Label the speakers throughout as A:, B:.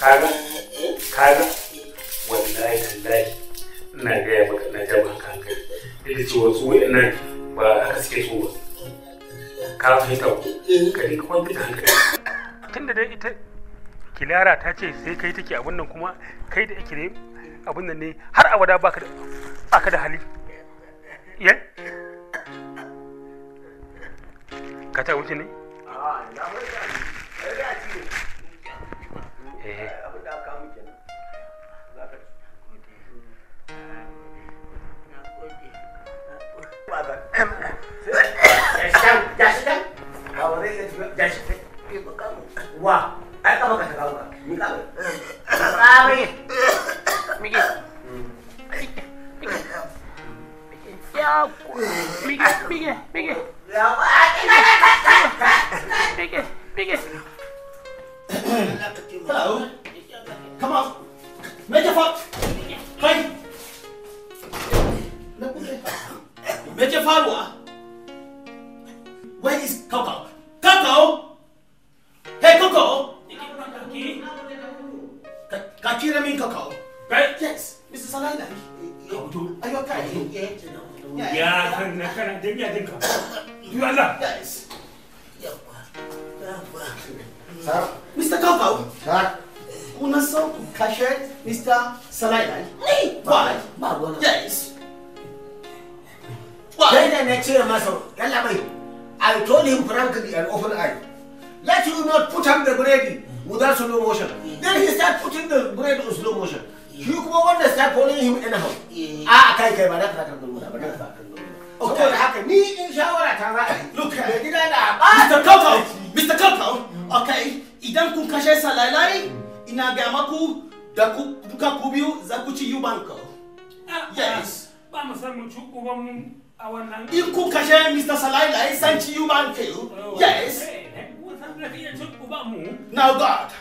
A: kaga kaga wallahi tallahi ina gaya maka na jaba kanka hankali da wasu su wa'annan ba haka suke so ba ka fahimta ko ka dinga kwantar kanka tunda dai ita kilara ta ce sai kai take abin nan kuma kai da ikire abin nan ne har abada baka da baka da hali yan ka ta wuce ne a'a aure ka ji da shi wa ai ka baka kawo Major Fox. Where is Kaukau? Coco, hey koko kaki mean Coco. right yes mrs alaila are you okay yeah yeah yeah kana kana dinga dinga you ala yes Sir? Mr. Koko? Sir? Una só cachê, Mr. Salaila. Ni? Why? Yes. Why? Then I next year, Master. Yalla, wait. I told him frankly and open eye, let you not put on the bread without slow motion. Yeah. Then he started putting the bread in slow motion. Yeah. You kuma wanda start following him anyhow. A kai kai ba da ka kan ba da ka kan Saboda haka ni in shawara ta za Look, da eh, gida da Mr. Mr. Coco, okay, idan kun kashe salalai ina ga maku da ku ku biyu za ku ci ah, Yes. Ah, ba mu san mu ci in kashe Mr. I sent you man Yes. Now God.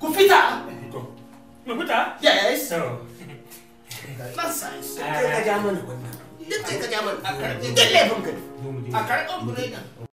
A: Ku fita. Mu fita? Yes. Nonsense. ka mana wannan. Duk ka mana. A karɓi. A